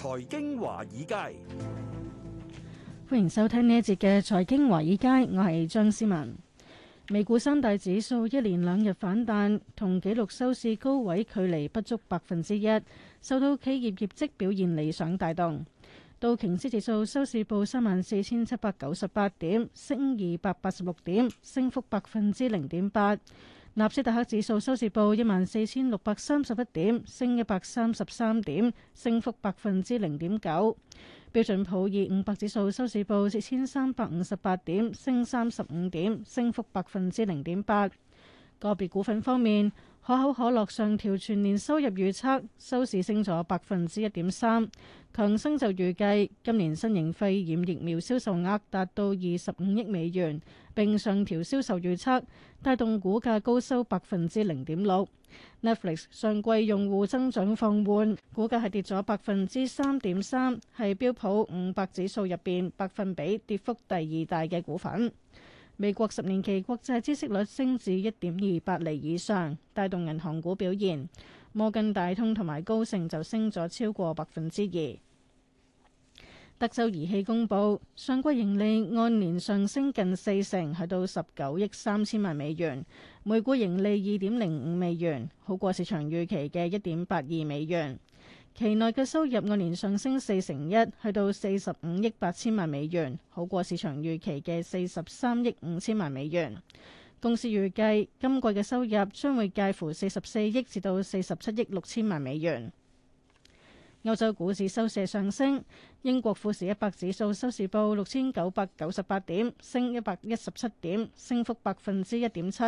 財經華爾街，歡迎收聽呢一節嘅財經華爾街。我係張思文。美股三大指數一連兩日反彈，同紀錄收市高位距離不足百分之一，受到企業業績表現理想帶動。道瓊斯指數收市報三萬四千七百九十八點，升二百八十六點，升幅百分之零點八。納斯達克指數收市報一萬四千六百三十一點，升一百三十三點，升幅百分之零點九。標準普爾五百指數收市報四千三百五十八點，升三十五點，升幅百分之零點八。個別股份方面。可口可樂上調全年收入預測，收市升咗百分之一點三。強生就預計今年新型肺炎疫苗銷售額達到二十五億美元，並上調銷售預測，帶動股價高收百分之零點六。Netflix 上季用戶增長放緩，股價係跌咗百分之三點三，係標普五百指數入邊百分比跌幅第二大嘅股份。美國十年期國債孳息率升至一點二八厘以上，帶動銀行股表現。摩根大通同埋高盛就升咗超過百分之二。德州儀器公布上季盈利按年上升近四成，去到十九億三千萬美元，每股盈利二點零五美元，好過市場預期嘅一點八二美元。期內嘅收入按年上升四成一，去到四十五億八千萬美元，好過市場預期嘅四十三億五千萬美元。公司預計今季嘅收入將會介乎四十四億至到四十七億六千萬美元。歐洲股市收市上升，英國富時一百指數收市報六千九百九十八點，升一百一十七點，升幅百分之一點七。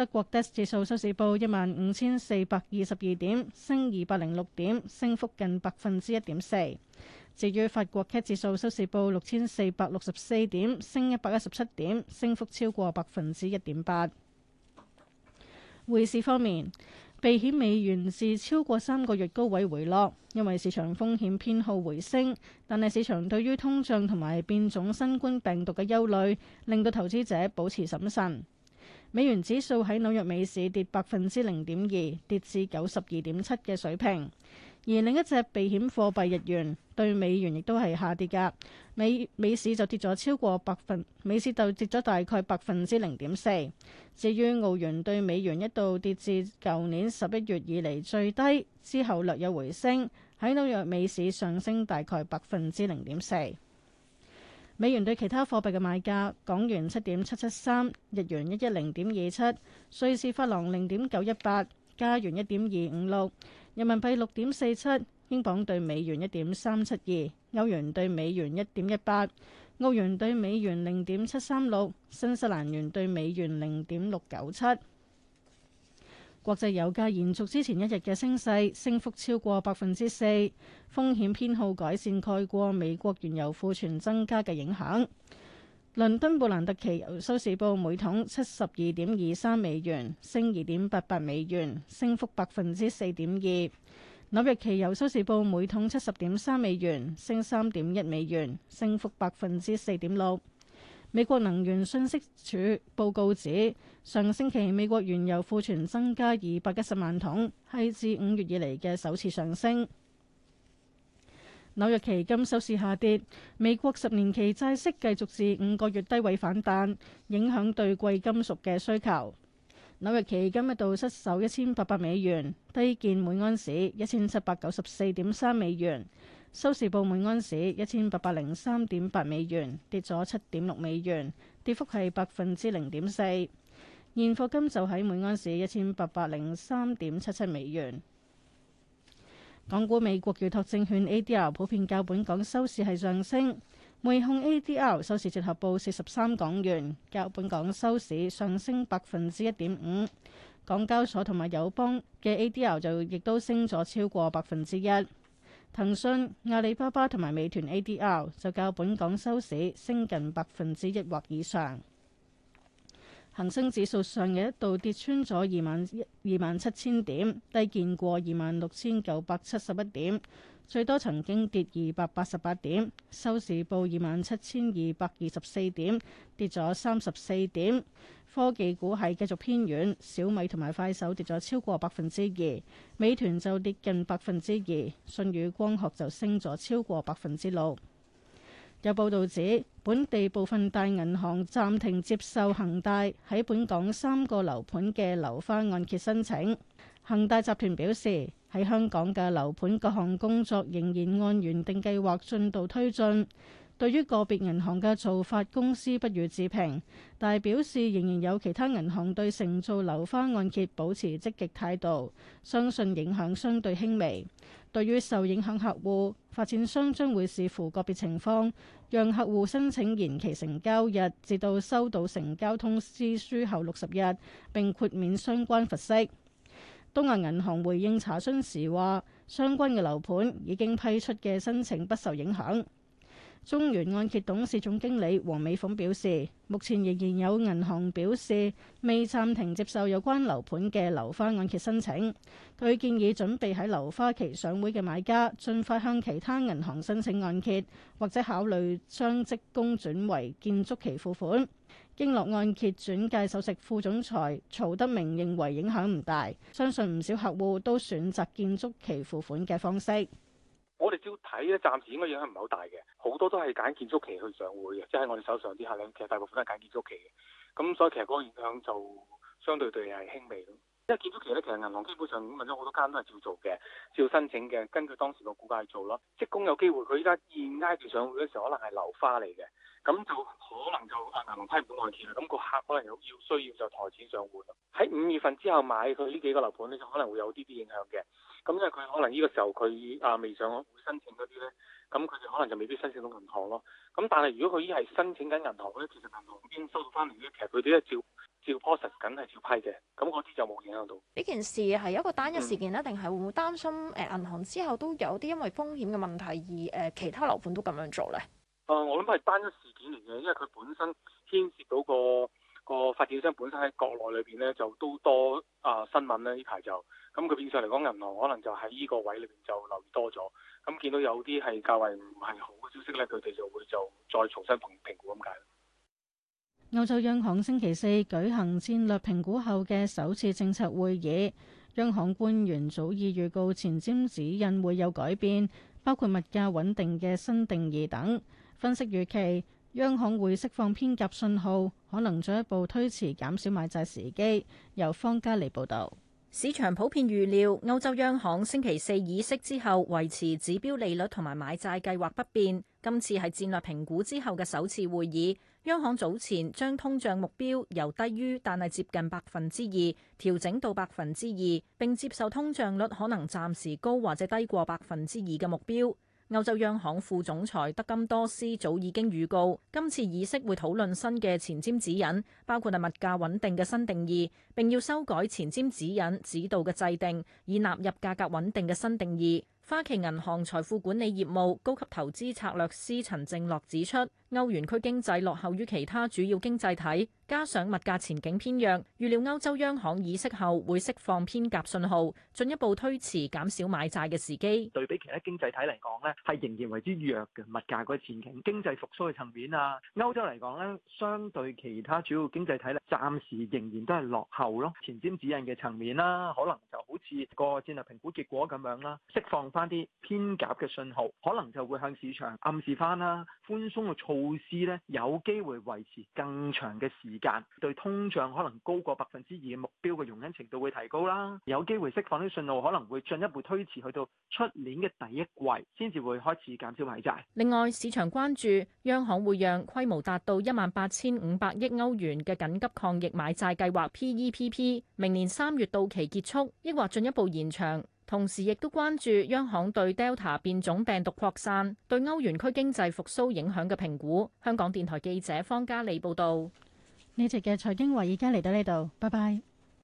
德國 DAX 指數收市報一萬五千四百二十二點，升二百零六點，升幅近百分之一點四。至於法國 CAC 指數收市報六千四百六十四點，升一百一十七點，升幅超過百分之一點八。匯市方面，避險美元是超過三個月高位回落，因為市場風險偏好回升，但係市場對於通脹同埋變種新冠病毒嘅憂慮，令到投資者保持審慎。美元指數喺紐約美市跌百分之零點二，跌至九十二點七嘅水平。而另一隻避險貨幣日元對美元亦都係下跌㗎，美美市就跌咗超過百分，美市就跌咗大概百分之零點四。至於澳元對美元一度跌至舊年十一月以嚟最低，之後略有回升，喺紐約美市上升大概百分之零點四。美元對其他貨幣嘅買價：港元七點七七三，日元一一零點二七，瑞士法郎零點九一八，加元一點二五六，人民幣六點四七，英鎊對美元一點三七二，歐元對美元一點一八，澳元對美元零點七三六，新西蘭元對美元零點六九七。國際油價延續之前一日嘅升勢，升幅超過百分之四。風險偏好改善蓋過美國原油庫存增加嘅影響。倫敦布蘭特期油收市報每桶七十二點二三美元，升二點八八美元，升幅百分之四點二。紐約期油收市報每桶七十點三美元，升三點一美元，升幅百分之四點六。美國能源信息署報告指，上星期美國原油庫存增加二百一十萬桶，係自五月以嚟嘅首次上升。紐約期金收市下跌，美國十年期債息繼續至五個月低位反彈，影響對貴金屬嘅需求。紐約期金一度失守一千八百美元，低見每盎司一千七百九十四點三美元。收市報每盎司一千八百零三點八美元，跌咗七點六美元，跌幅係百分之零點四。現貨金就喺每盎司一千八百零三點七七美元。港股美國預託證券 ADR 普遍較本港收市係上升，滙控 ADR 收市折合報四十三港元，較本港收市上升百分之一點五。港交所同埋友邦嘅 ADR 就亦都升咗超過百分之一。騰訊、阿里巴巴同埋美團 ADR 就較本港收市升近百分之一或以上，恒生指數上日一度跌穿咗二萬一二萬七千點，低見過二萬六千九百七十一點。最多曾經跌二百八十八點，收市報二萬七千二百二十四點，跌咗三十四點。科技股係繼續偏軟，小米同埋快手跌咗超過百分之二，美團就跌近百分之二，舜宇光學就升咗超過百分之六。有報導指，本地部分大銀行暫停接受恒大喺本港三個樓盤嘅樓花按揭申請。恒大集團表示，喺香港嘅樓盤各項工作仍然按原定計劃進度推進。對於個別銀行嘅做法，公司不予置評，但係表示仍然有其他銀行對承造樓花按揭保持積極態度，相信影響相對輕微。對於受影響客戶，發展商將會視乎個別情況，讓客戶申請延期成交日，至到收到成交通知書後六十日，並豁免相關罰息。東亞銀行回應查詢時話，相關嘅樓盤已經批出嘅申請不受影響。中原按揭董事總經理黃美鳳表示，目前仍然有銀行表示未暫停接受有關樓盤嘅樓花按揭申請，佢建議準備喺樓花期上會嘅買家，盡快向其他銀行申請按揭，或者考慮將即供轉為建築期付款。經絡按揭轉介首席副總裁曹德明認為影響唔大，相信唔少客戶都選擇建築期付款嘅方式。我哋照睇咧，暫時應該影響唔係好大嘅，好多都係揀建築期去上會嘅，即係我哋手上啲客咧，其實大部分都係揀建築期嘅，咁所以其實嗰個影響就相對對係輕微咯。即係見到其實咧，其實銀行基本上問咗好多間都係照做嘅，照申請嘅，根據當時個估價嚟做咯。職工有機會佢依家現挨住上會嘅時候，可能係樓花嚟嘅，咁就可能就啊銀行批本內填啦。咁個客可能要要需要就台紙上會咯。喺五月份之後買佢呢幾個樓盤咧，就可能會有啲啲影響嘅。咁因為佢可能呢個時候佢啊未上會申請嗰啲咧，咁佢哋可能就未必申請到銀行咯。咁但係如果佢依係申請緊銀行咧，其實銀行已經收到翻嚟咧，其實佢哋都係照。照 process 梗係照批嘅，咁嗰啲就冇影響到。呢件事係一個單一事件咧，定係、嗯、會唔會擔心誒銀、呃、行之後都有啲因為風險嘅問題而誒、呃、其他樓盤都咁樣做咧？誒、呃，我諗係單一事件嚟嘅，因為佢本身牽涉到個個發展商本身喺國內裏邊咧就都多啊、呃、新聞咧呢排就，咁佢變相嚟講銀行可能就喺呢個位裏邊就留意多咗，咁、嗯、見到有啲係較為唔係好嘅消息咧，佢哋就會就再重新評評估咁解。歐洲央行星期四舉行戰略評估後嘅首次政策會議，央行官員早已預告前瞻指引會有改變，包括物價穩定嘅新定義等。分析預期，央行會釋放偏鴿信號，可能進一步推遲減少買債時機。由方嘉妮報導。市場普遍預料歐洲央行星期四議息之後維持指標利率同埋買債計劃不變。今次係戰略評估之後嘅首次會議。央行早前將通脹目標由低於但係接近百分之二調整到百分之二，並接受通脹率可能暫時高或者低過百分之二嘅目標。歐洲央行副總裁德金多斯早已經預告，今次議息會討論新嘅前瞻指引，包括係物價穩定嘅新定義，並要修改前瞻指引指導嘅制定，以納入價格穩定嘅新定義。花旗銀行財富管理業務高級投資策略師陳正樂指出，歐元區經濟落後於其他主要經濟體，加上物價前景偏弱，預料歐洲央行議息後會釋放偏鴿信號，進一步推遲減少買債嘅時機。對比其他經濟體嚟講呢，係仍然為之弱嘅物價個前景、經濟復甦嘅層面啊。歐洲嚟講呢，相對其他主要經濟體呢，暫時仍然都係落後咯。前瞻指引嘅層面啦，可能就好似個戰略評估結果咁樣啦，釋放翻翻啲偏鴿嘅信號，可能就會向市場暗示翻啦，寬鬆嘅措施呢，有機會維持更長嘅時間，對通脹可能高過百分之二嘅目標嘅容忍程度會提高啦，有機會釋放啲信號，可能會進一步推遲去到出年嘅第一季先至會開始減少買債。另外，市場關注央行會讓規模達到一萬八千五百億歐元嘅緊急抗疫買債計劃 （PEPP），明年三月到期結束，抑或進一步延長。 同時亦都關注央行對 Delta 變種病毒擴散對歐元區經濟復甦影響嘅評估。香港電台記者方嘉利報導。你哋嘅財經華爾街，而家嚟到呢度，拜拜。